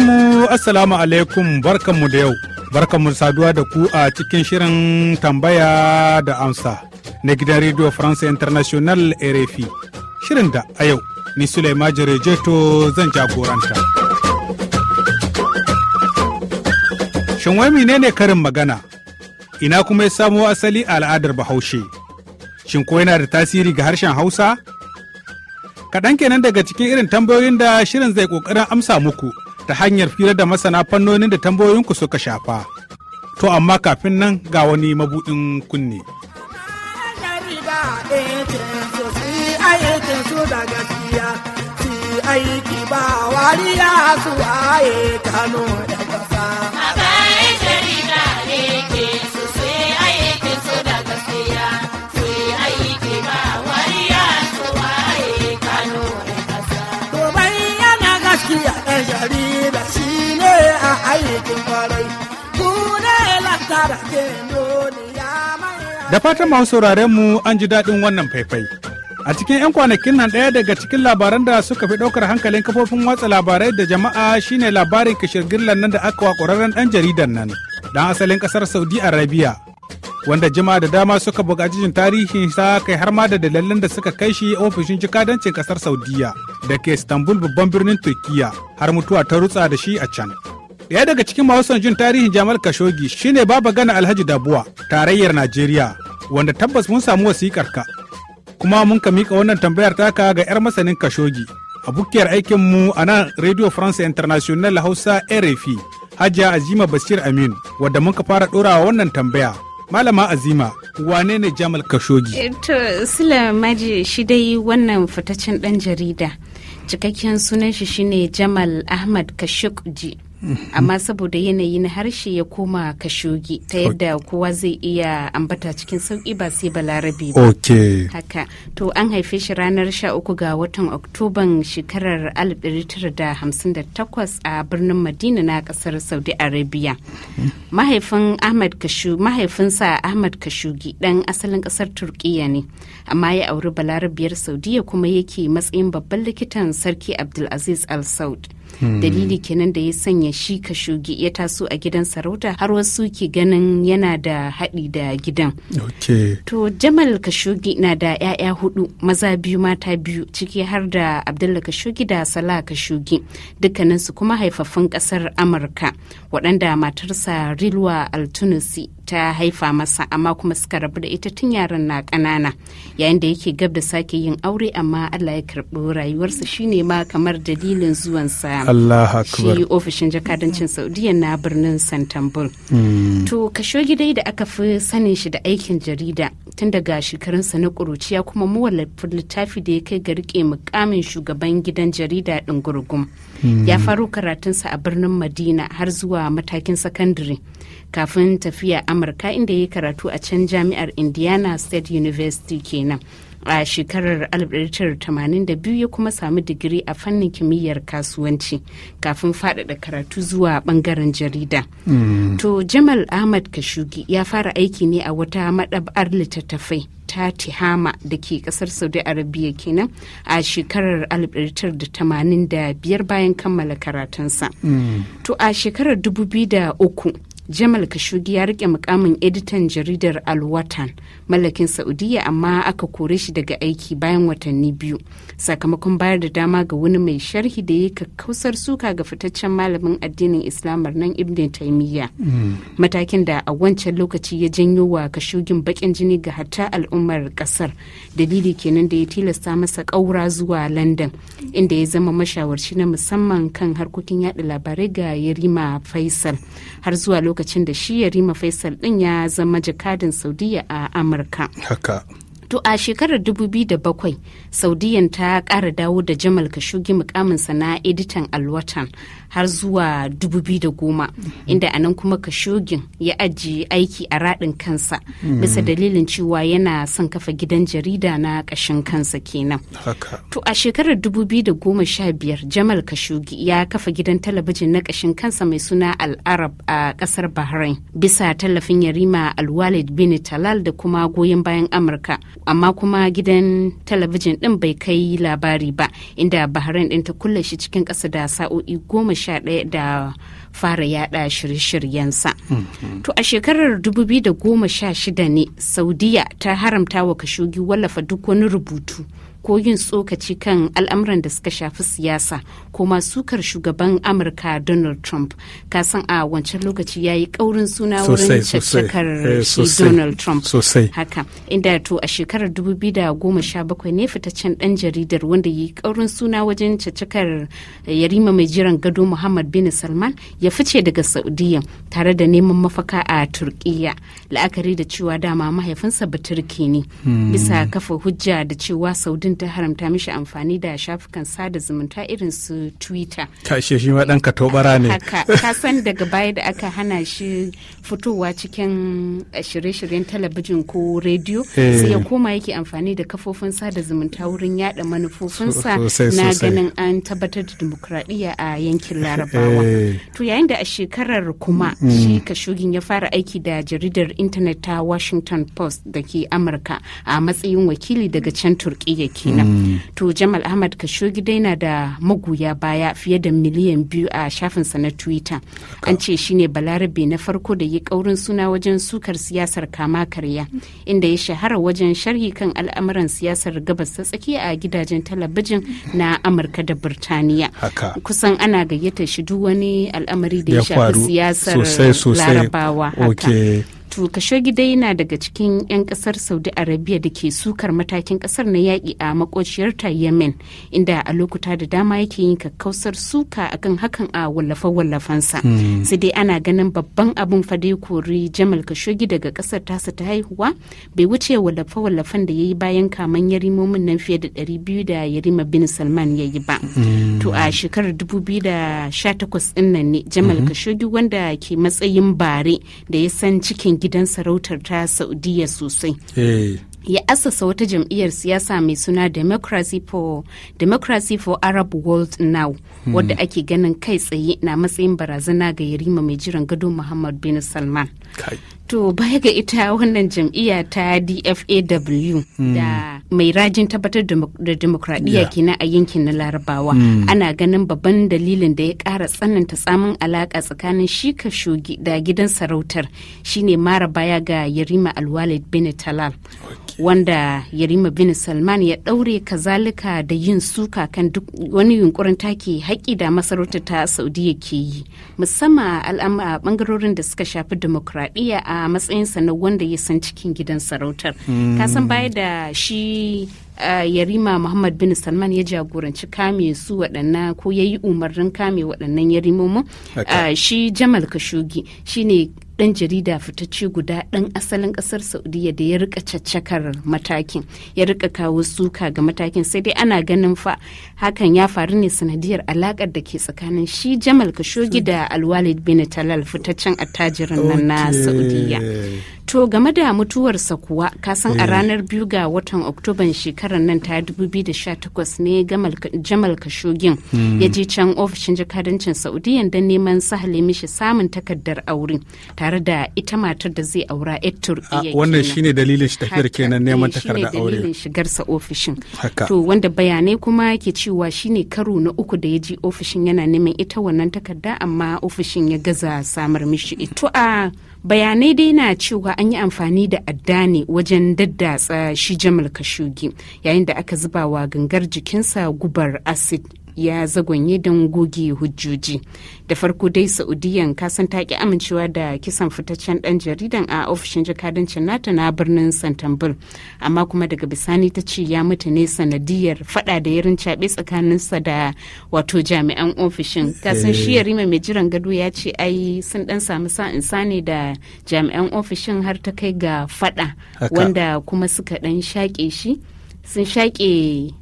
mu assalamu alaikum barkanmu da yau barkanmu saduwa da ku a cikin shirin tambaya da amsa na gidan radio france international rfi shirin da a yau ni Suleima Jarejeto zan jagoranta. Shin wai menene karin magana? Ina kuma ya samo asali a al'adar Bahaushe? Shin ko yana da tasiri ga harshen Hausa? Kaɗan kenan daga cikin irin tambayoyin da shirin zai ƙoƙarin amsa muku ta hanyar fira da masana fannonin da tambayoyinku suka shafa. To amma kafin nan ga wani mabuɗin kunne. aiki ba wariya su aye kano da kasa da fatan masu sauraren mu an ji daɗin wannan faifai a cikin 'yan kwanakin nan ɗaya daga cikin labaran da suka fi ɗaukar hankalin kafofin watsa labarai da jama'a shine labarin kashirgirlan nan da aka wa ƙwararren ɗan jaridan nan dan asalin ƙasar saudi arabia wanda jama'a da dama suka buƙaci jin tarihin sa kai har ma da dalilan da suka kai shi ofishin jikadancin ƙasar saudiya da ke istanbul babban birnin Turkiyya har mutuwa ta rutsa da shi a can ɗaya daga cikin masu son jin tarihin Jamal kashogi shine Baba Gana Alhaji Dabuwa, tarayyar Najeriya, wanda tabbas mun samu wasikar ka. Kuma mun ka mika wannan tambayar taka ga 'yar masanin kashogi bukiyar aikin aikinmu a nan Radio France International Hausa RFI, Hajiya Azima Bashir Amin, wadda mun ka fara ɗorawa wannan tambaya. Malama Azima, wane ne Jamal kashogi eh, To, Sula Maji shi dai wannan fitaccen ɗan jarida. Cikakken sunan shi shine Jamal Ahmad kashogi amma saboda yanayi na harshe ya koma kashogi ta yadda kowa zai iya ambata cikin sauki ba sai balarabe ba haka to an haife shi ranar 13 ga watan oktoban shekarar 1958 a birnin madina na kasar saudi arabia mahaifin ahmad mahaifinsa ahmad kashugi dan asalin kasar turkiya ne amma ya auri balarabiyar saudiya kuma yake matsayin babban likitan sarki abdulaziz al-saud Hmm. dalili kenan da ya sanya shi kashugi ya taso a gidan sarauta har wasu ke ganin yana da haɗi da gidan to jamal kashogi na da 'ya'ya hudu maza biyu mata biyu ciki har da abdullah kashogi da salah kashogi dukkaninsu kuma haifafin ƙasar amurka waɗanda matarsa rilwa altunusi ta haifa masa amma kuma suka rabu da ita tun yaran na ƙanana yayin da yake gab da sake yin aure amma Allah ya karɓi rayuwarsa shine ma kamar dalilin zuwansa shi ofishin jakadancin Saudiya na birnin Santambul. Hmm. To kasho gidai da aka fi sanin shi da aikin jarida tun daga shekarunsa na ƙuruciya kuma mawallafin littafi da ya kai ga rike mukamin shugaban gidan jarida din gurgum. Hmm. Ya faro karatunsa a birnin Madina har zuwa matakin sakandare. kafin tafiya amurka inda ya karatu a can jami'ar indiana state university kenan a shekarar 1982 ya kuma sami digiri a fannin kimiyyar kasuwanci kafin faɗaɗa karatu zuwa ɓangaren jarida. Hmm. To Jamal Ahmad Kashugi ya fara aiki ne a wata maɗab'ar littattafai ta Tihama da ke ƙasar Saudi Arabia kenan a shekarar 1985 bayan kammala karatunsa. Hmm. To a shekarar 2003 jamal kashugi ya rike mukamin editan jaridar alwatan mallakin saudiya amma aka kore shi daga aiki bayan watanni biyu sakamakon bayar da dama ga wani mai sharhi da ya kakkausar suka ga fitaccen malamin addinin islamar nan ibn taimiyya mm. matakin da a wancan lokaci ya janyo wa kashugin bakin jini ga hatta al'ummar kasar dalili kenan da ya tilasta masa ƙaura zuwa london inda ya zama mashawarci na musamman kan harkokin yada labarai ga yarima faisal har zuwa lokacin da shi yarima faisal din ya zama jakadin saudiya a amurka To a shekarar 2007 Saudiyan ta ƙara dawo da Jamal kashugi mukaminsa na editan Alwatan har zuwa 2010 inda anan kuma kashugin ya ajiye aiki a raɗin kansa bisa mm. dalilin cewa yana son kafa gidan jarida na ƙashin kansa kenan. To a shekarar 2015 Jamal kashugi ya kafa gidan talabijin na ƙashin kansa mai suna Al-Arab a ƙasar Bahrain bisa tallafin Yarima Al-Walid bin Talal da kuma goyon bayan Amurka. amma kuma gidan talabijin din bai kai labari ba inda bahrain din ta kulle shi cikin ƙasa da sa'o'i goma sha ɗaya da fara yada shirye shiryen sa mm-hmm. To a shekarar goma sha shida ne Saudiya ta haramta wa Kashogi wallafa duk wani rubutu ko yin tsokaci kan al'amuran da suka shafi siyasa ko sukar shugaban amurka donald trump kasan a wancan lokaci ya yi ƙaurin suna wurin cakcakar eh, shi donald trump haka inda to a shekarar 2017 ne fitaccen ɗan jaridar wanda ya yi ƙaurin suna wajen caccakar yarima mai jiran gado muhammad bin salman ya fice daga saudiya tare da neman mafaka a turkiya la'akari da cewa dama mahaifinsa baturki ne hmm. bisa kafa hujja da cewa saudin din ta haramta mishi amfani da shafukan sada zumunta irin su twitter kashe shi ma dan ne ka san daga baya da aka hana shi fitowa cikin shirye-shiryen talabijin ko rediyo eh. sai ya koma yake amfani da kafofin sada zumunta wurin yada manufofinsa na ganin an tabbatar da demokradiyya a yankin larabawa eh. to yayin da a shekarar kuma mm. shi kashugin ya fara aiki da jaridar intanet ta washington post da ke amurka a matsayin wakili daga can turkiyya ke kenan mm. to jamal ahmad kashogi dai na da magoya baya fiye da miliyan biyu a shafinsa na twitter an ce shine balarabe na farko da ya kaurin suna wajen sukar siyasar kama karya inda ya shahara wajen sharhi kan al'amuran siyasar gabas ta tsakiya a gidajen talabijin na amurka da birtaniya kusan ana gayyata shi duk wani al'amari da ya shafi siyasar larabawa wato kashogi dai yana daga cikin 'yan kasar Saudi Arabia da ke sukar matakin kasar na yaƙi a makociyarta Yemen inda a lokuta da dama yake yin kakkausar suka akan hakan a wallafe wallafansa hmm. Sai dai ana ganin babban abin fadai kori Jamal kashogi daga kasar tasa ta haihuwa bai wuce wallafe-wallafen da ya yi bayan kaman yarimomin nan fiye da ɗari biyu da yarima bin Salman ya yi ba. Hmm. To a shekarar 2018 ɗin nan ne Jamal hmm. kashogi wanda ke matsayin bare da ya san cikin gidan sarautar ta saudiya sosai eh. ya asasa wata jam'iyyar siyasa mai suna democracy for democracy for arab world now hmm. wadda ake ganin kai tsaye na matsayin barazana ga yarima mai jiran gado muhammad bin salman to baya ga ita wannan jam'iyya ta dfaw hmm. da mai rajin tabbatar da demokradiyya ke kenan a yankin na larabawa hmm. ana ganin babban dalilin da ya kara tsananta tsamin alaka tsakanin shi shugi da gidan sarautar shine mara baya ga yarima alwalid bin talal wanda yarima bin salman ya daure kazalika da yin suka kan duk wani yunkurin take haƙƙi da masarautar ta saudiya ke yi musamman a bangarorin da suka shafi demokradiyya a a matsayinsa na wanda ya san cikin gidan sarautar kasan mm. baya da shi eh, yarima muhammad bin salman ya jagoranci kame su waɗannan ko ya yi umarnin kame waɗannan yarimomin eh, shi jamal kashogi shine dan jarida fitacce guda dan asalin kasar saudiya da ya rika caccakar matakin ya rika kawo suka ga matakin sai dai ana ganin fa hakan ya faru ne sanadiyar alakar da ke tsakanin shi jamal kashogi da alwalid bin talal fitaccen attajirin nan na saudiya to game da mutuwarsa kuwa kasan a eh. ranar biyu ga watan oktoban shekarar nan ta 2018 ne jamal kashogin hmm. ya je can ofishin jakadancin saudiya don neman sahale mishi samun takardar aure tare da ita matar da zai aura yar turkiya ah, wannan shine dalilin shi tafiyar kenan neman eh, takardar aure dalilin shigarsa ofishin to wanda bayanai kuma ke cewa shine karo na uku da ya ji ofishin yana neman ita wannan takarda amma ofishin ya gaza samar mishi to a bayanai dai na cewa an yi amfani da adda ne wajen daddatsa shi jamal kashugi yayin da aka zuba wa gangar jikinsa gubar acid ya zagonye don goge hujjoji da farko dai saudiyan kasan ta ki amincewa da kisan fitaccen dan jaridan a ofishin jakadancin nata na birnin santambul amma kuma daga bisani ta ce ya mutu ne sanadiyar fada da yarin caɓe tsakaninsa da wato jami'an ofishin kasan shi eh. yarima mai jiran gado ya ce ai sun dan samu sa'in sane da jami'an ofishin har ta kai ga fada wanda kuma suka dan shaƙe shi sun shaƙe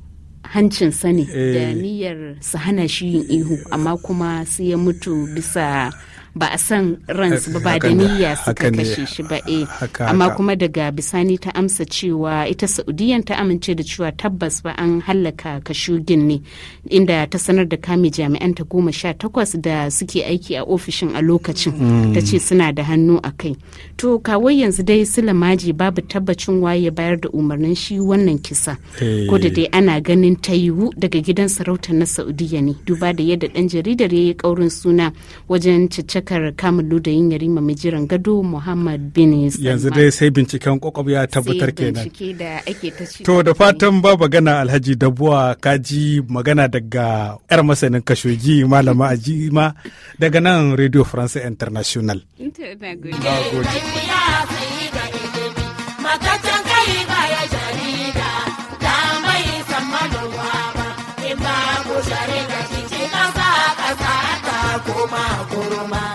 hancinsa sani da eh. niyyar su hana shi yin ihu amma kuma sai ya mutu bisa ba a san ransu ba ba da niyya suka kashe shi ba eh amma kuma daga bisani ta amsa cewa ita saudiyan ta amince da cewa tabbas ba an hallaka kashugin ne inda ta sanar da kame jami'an ta goma sha takwas da suke aiki a ofishin a lokacin ta ce hmm. suna da hannu a kai to kawai yanzu dai sulamaji babu tabbacin waye bayar da umarnin shi wannan kisa eh. ko da dai ana ganin ta yiwu daga gidan sarauta na saudiya ne duba da yadda dan jaridar ya yi kaurin suna wajen cece kamalu da yin yarima mai jiran gado muhammad bin yanzu dai sai binciken kwakwab ya tabbatar kenan to da fatan ba magana alhaji dabuwa kaji magana daga yar masanin kashoji malama ajima daga nan radio france international kurma kurma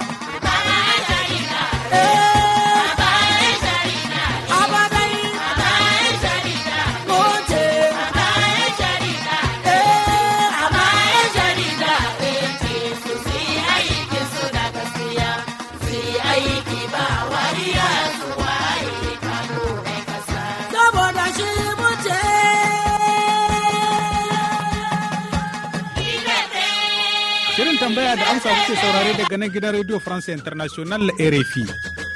Shirin tambaya da amsa kuke saurare daga nan gidan Radio France International RFI.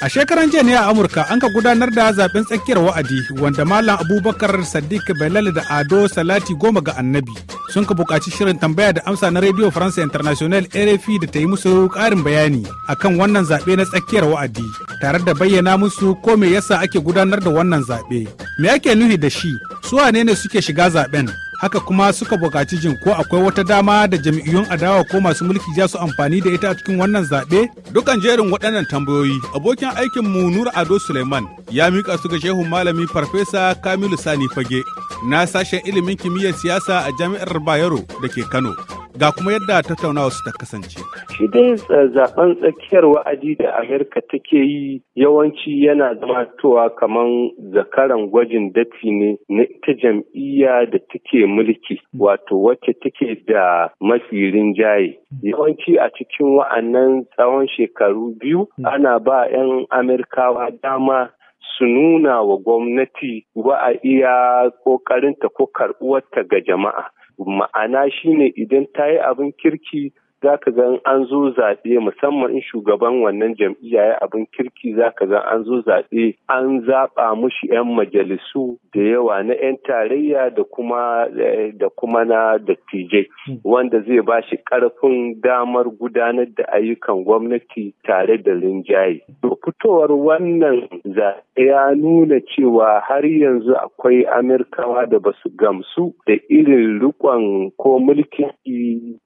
A shekaran jiya ne a Amurka an ka gudanar da zaben tsakiyar wa'adi wanda Malam Abubakar Sadiq Belal da Ado Salati goma ga Annabi sun ka buƙaci shirin tambaya da amsa na Radio France International RFI da ta yi musu ƙarin bayani akan wannan zaɓe na tsakiyar wa'adi tare da bayyana musu ko me yasa ake gudanar da wannan zaɓe. Me ake nuhi da shi? Su ne suke shiga zaɓen? haka kuma suka bukaci jin ko akwai wata dama da jam'iyyun adawa ko masu mulki za su amfani da ita a cikin wannan zaɓe? dukkan jerin waɗannan tambayoyi abokin aikin mu Nur Ado Suleiman ya mika su ga shehun malami Farfesa Kamilu Sani Fage na sashen ilimin kimiyyar siyasa a Jami'ar Bayero da ke Kano. Ga kuma yadda tattaunawa su ta kasance. Shi dai eh, zaben tsakiyar wa'adi da Amerika take yi yawanci yana zama towa kamar zakaran gwajin dafi ne na ita jam'iyya da take mulki wato wacce take da mafi rinjaye. Yawanci a cikin wa'annan tsawon shekaru biyu ana ba 'yan Amerikawa dama su nuna wa gwamnati wa a iya ƙoƙarinta ko karɓuwarta ga jama'a. ma'ana shine idan ta yi abin kirki za ka ga an zo zaɓe musamman in shugaban wannan jam'iyya ya abin kirki za ka ga an zo zaɓe an zaɓa mushi 'yan majalisu da yawa na 'yan tarayya da kuma eh, da kuma na dattijai hmm. wanda zai ba shi ƙarfin damar gudanar da ayyukan gwamnati tare da rinjaye. To fitowar wannan zaɓe ya nuna cewa har yanzu akwai Amirkawa da basu gamsu da irin riƙon ko mulkin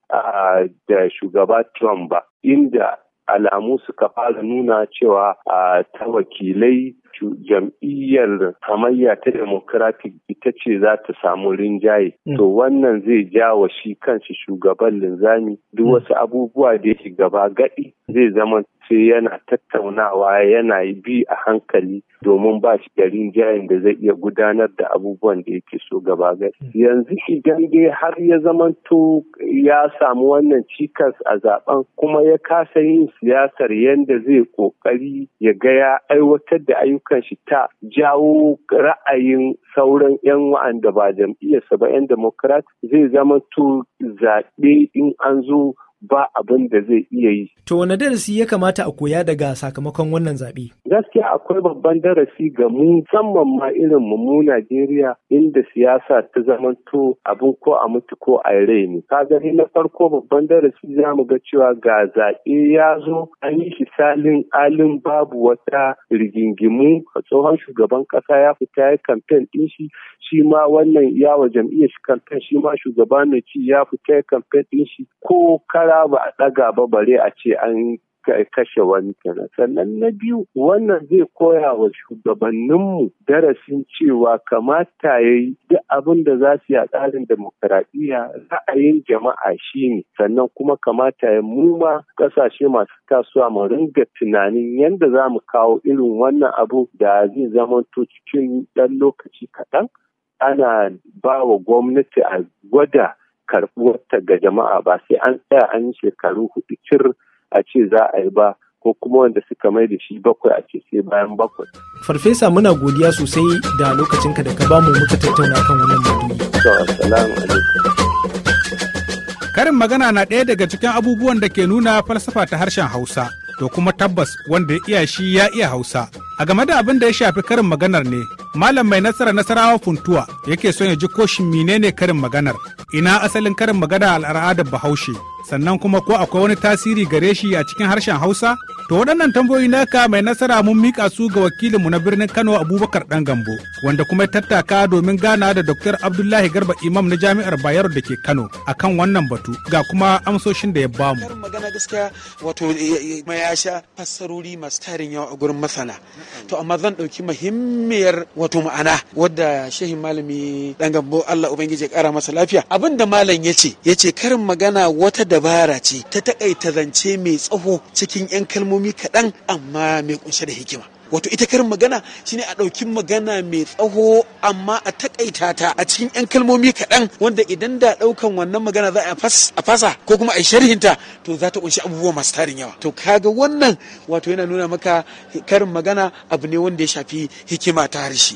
da shugaba Trump ba, inda alamu suka fara nuna cewa ta wakilai jam'iyyar hamayya ta democratic ita ce za ta samu rinjaye mm. to wannan zai jawo shi kanshi shugaban linzami duk mm. wasu abubuwa da yake gaba gadi zai zama sai yana tattaunawa yana bi a hankali domin ba shi da rinjayen da zai iya gudanar da abubuwan da yake so gaba gari. Mm. Yanzu idan dai har ya zama to ya samu wannan cikas a zaben kuma ya kasa yin siyasar yadda zai kokari ya gaya aiwatar da ayyuka ayyukan shi ta jawo ra'ayin sauran 'yan wa'anda ba jam'iyyarsa ba 'yan demokrat zai zama to zaɓe in an zo ba abin da zai iya yi. To wani darasi ya kamata a koya daga sakamakon wannan zaɓe? Gaskiya akwai babban darasi ga mu musamman ma irin mu Najeriya inda siyasa ta zamanto abin ko a mutu ko a rai ne. Ka gani na farko babban darasi za mu ga cewa ga zaɓe ya zo an yi shi alin babu wata rigingimu tsohon shugaban ƙasa ya fita ya kamfen ɗin shi shi ma wannan yawa jam'iyyar shi kamfen shi ma shugaba mai ci ya fita ya kamfen ɗin shi ko kara wuta ba a ɗaga ba bare a ce an kashe wani kenan sannan na biyu wannan zai koya wa shugabanninmu darasin cewa kamata ya yi duk abin da za su yi a tsarin demokaradiyya ra'ayin jama'a shi ne sannan kuma kamata ya mu ma ƙasashe masu kasuwa mu ringa tunanin yadda za mu kawo irin wannan abu da zai zama cikin ɗan lokaci kaɗan ana ba wa gwamnati a gwada karɓuwarta ga jama'a ba sai an tsaya an yi shekaru hudu cir a ce za a yi ba ko kuma wanda suka mai da shi bakwai a ce sai bayan bakwai. Farfesa muna godiya sosai da lokacinka da ka bamu muka tattauna kan wannan maduyi. Karin magana na ɗaya daga cikin abubuwan da ke nuna falsafa ta harshen Hausa, to kuma tabbas wanda ya iya shi ya iya Hausa. A game da abin da ya shafi karin maganar ne, Malam mai nasara nasarawa funtuwa yake son ya ji koshin menene karin maganar, ina asalin karin magana al'adar Bahaushe, sannan kuma ko akwai wani tasiri gare shi a cikin harshen Hausa? To waɗannan tambayoyi naka mai nasara mun mika su ga wakilinmu na birnin Kano Abubakar Dan Gambo wanda kuma ya tattaka domin gana da Dr. Abdullahi Garba Imam na Jami'ar Bayero da ke Kano akan wannan batu ga kuma amsoshin da ya bamu. magana gaskiya wato mai yasha fassarori masu tarin yawa a gurin masana. To amma zan ɗauki muhimmiyar wato ma'ana wadda shehin malami Dan Gambo Allah Ubangiji ya kara masa lafiya. Abin da malam ya ce ya ce karin magana wata dabara ce ta takaita zance mai tsaho cikin 'yan kalmomi kalmomi kaɗan amma mai kunshe da hikima wato ita karin magana shine a ɗaukin magana mai tsaho amma a takaita ta a cikin 'yan kalmomi kaɗan wanda idan da ɗaukan wannan magana za a fasa ko kuma a sharhinta to za ta kunshi abubuwa masu tarin yawa to kaga wannan wato yana nuna maka karin magana abu ne wanda ya shafi hikima ta harshe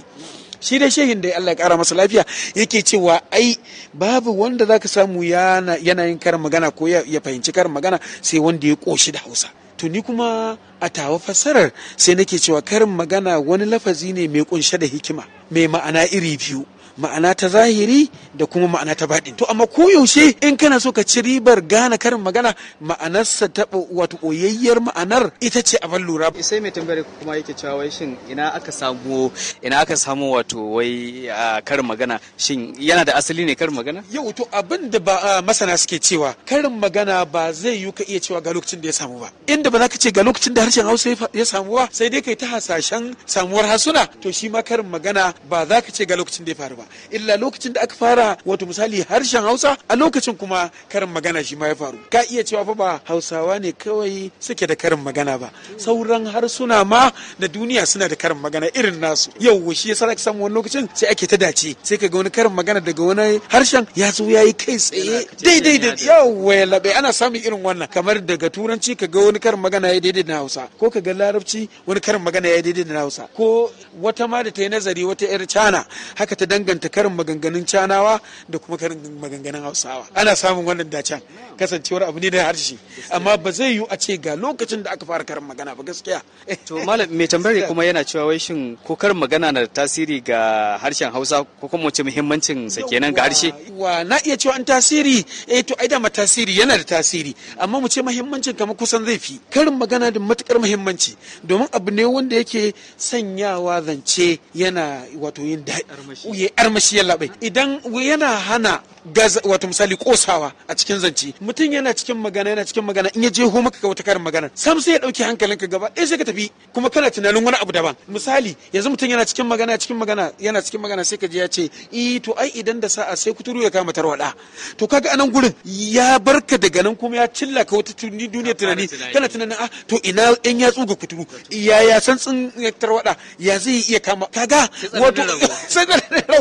shi dai shehin da Allah ya kara masa lafiya yake cewa ai babu wanda zaka samu yana yin karin magana ko ya fahimci karin magana sai wanda ya koshi da Hausa tuni kuma a tawa fassarar sai nake cewa karin magana wani lafazi ne mai kunshe da hikima mai ma'ana iri biyu ma'ana ta zahiri da kuma ma'ana ta baɗi to amma ko yaushe in kana so ka ci ribar gane karin magana ma'anarsa ta wato oyayyar ma'anar ita ce a lura sai mai tambayar kuma yake cewa shin ina aka samu ina aka samu wato wai karin magana shin yana da asali ne karin magana yau to abin da ba masana suke cewa karin magana ba zai yiwu ka iya cewa ga lokacin da ya samu ba inda ba za ka ce ga lokacin da harshen Hausa ya samu ba sai dai kai ta hasashen samuwar hasuna to shi ma karin magana ba za ka ce ga lokacin da ya faru ba illa lokacin da aka fara wato misali harshen hausa a lokacin kuma karin magana shi ma ya faru ka iya cewa fa ba hausawa ne kawai suke da karin magana ba sauran harsuna ma da duniya suna da karin magana irin nasu yau shi yasa aka samu wani lokacin sai ake ta dace sai kaga ga wani karin magana daga wani harshen ya zo ya yi kai tsaye daidai da yawa ya labe ana samun irin wannan kamar daga turanci kaga ga wani karin magana ya daidai da hausa ko ka larabci wani karin magana ya daidai da hausa ko wata ma da ta yi nazari wata yar cana haka ta danganta karanta karin maganganun canawa da kuma karin maganganun hausawa ana samun wannan dacen kasancewar abu ne da harshe amma ba zai yiwu a ce ga lokacin da aka fara karin magana ba gaskiya to malam mai tambayar kuma yana cewa wai shin ko karin magana na da tasiri ga harshen hausa ko kuma wace muhimmancin sa kenan ga harshe wa na iya cewa an tasiri eh to ai da ma tasiri yana da tasiri amma mu ce muhimmancin kamar kusan zai fi karin magana da matukar muhimmanci domin abu ne wanda yake sanyawa zance yana wato yin daɗi armashi ya labai idan yana hana gaza wato misali kosawa a cikin zance mutum yana cikin magana yana cikin magana in ya je ho maka wata karin magana sam sai ya dauki hankalinka gaba ɗaya sai ka tafi kuma kana tunanin wani abu daban misali yanzu mutum yana cikin magana cikin magana yana cikin magana sai ka je ya ce i eh, to ai idan da sa'a sai kuturu ya kama tarwada to kaga anan gurin ya barka daga nan kuma ya cilla ka wata duniya tunani kana tunanin a ah, to ina in ya tsuga kuturu ya ya san tsin tarwada ya zai iya kama kaga wato sai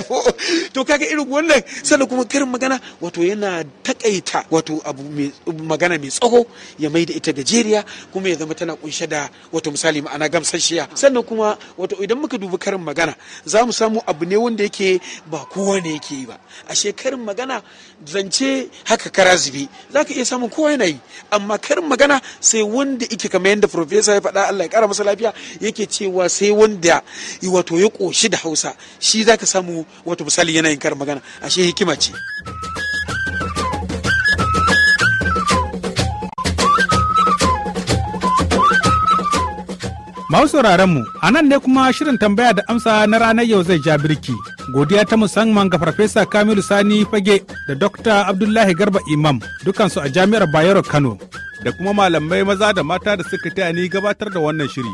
to kaga irin wannan sannan kuma karin magana wato yana takaita wato abu magana mai tsaho ya mai da ita gajeriya kuma ya zama tana kunshe da wato misali ma'ana shiya. sannan kuma wato idan muka dubi karin magana za mu samu abu ne wanda yake ba kowa ne yake yi ba a karin magana zance haka kara zube za ka iya samun kowa yanayi. amma karin magana sai wanda yake kamar yadda profesa ya faɗa Allah ya kara masa lafiya yake cewa sai wanda wato ya ƙoshi da hausa shi za ka samu wato misali yanayin karin magana ashe hikima ce sauraron mu a nan ne kuma shirin tambaya da amsa na ranar yau zai ja birki. Godiya ta musamman ga Farfesa Kamilu Sani Fage da Dr. Abdullahi Garba Imam dukansu a Jami'ar Bayero Kano. Da kuma malamai maza da mata da suka taya ni gabatar da wannan shiri.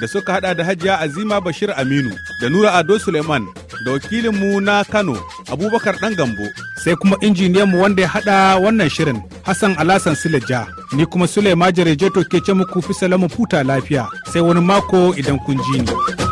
Da suka hada da Hajiya Azima Bashir Aminu da Nura Ado Suleiman da wakilinmu na Kano Abubakar ɗan Gambo. Sai kuma injiniyanmu wanda ya haɗa wannan shirin Hassan Alasan Sileja. Ni kuma Sule Majere Jeto ke ce muku fi salamu futa lafiya sai wani mako idan kun ji ni.